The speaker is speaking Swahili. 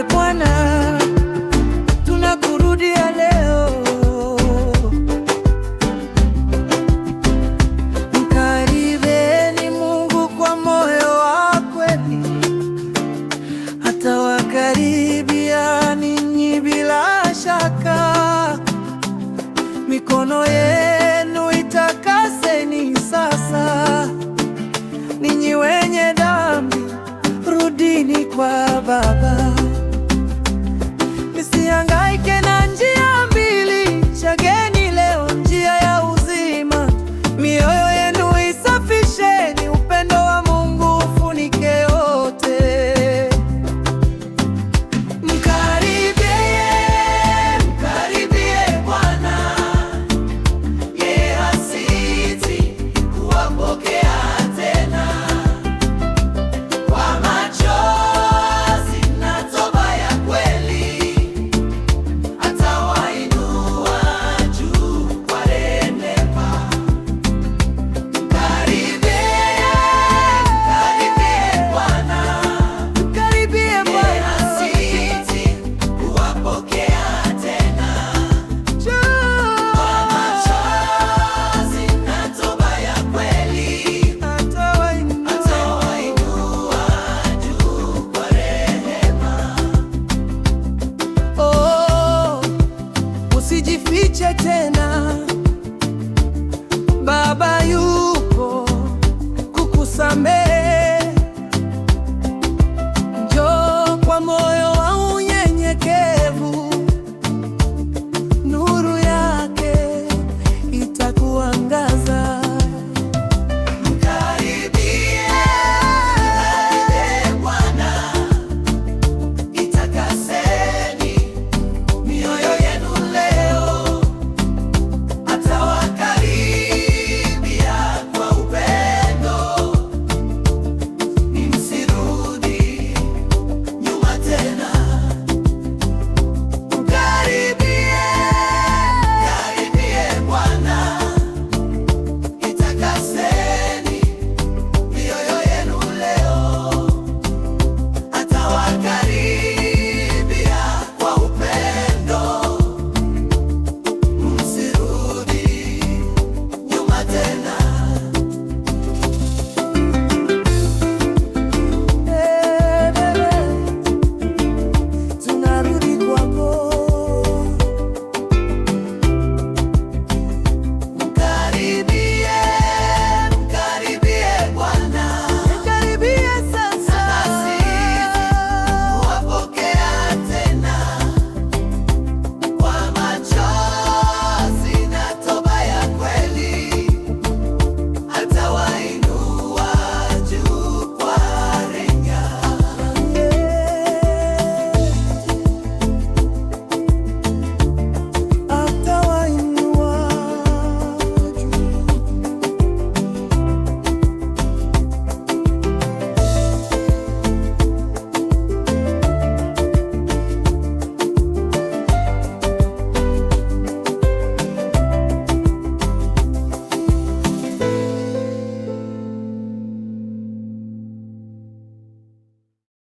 E Bwana, tunakurudia leo, mkaribeni Mungu kwa moyo wa kweli, hata wakaribia ninyi bila shaka. Mikono yenu itakaseni sasa, ninyi wenye dhambi, rudini kwa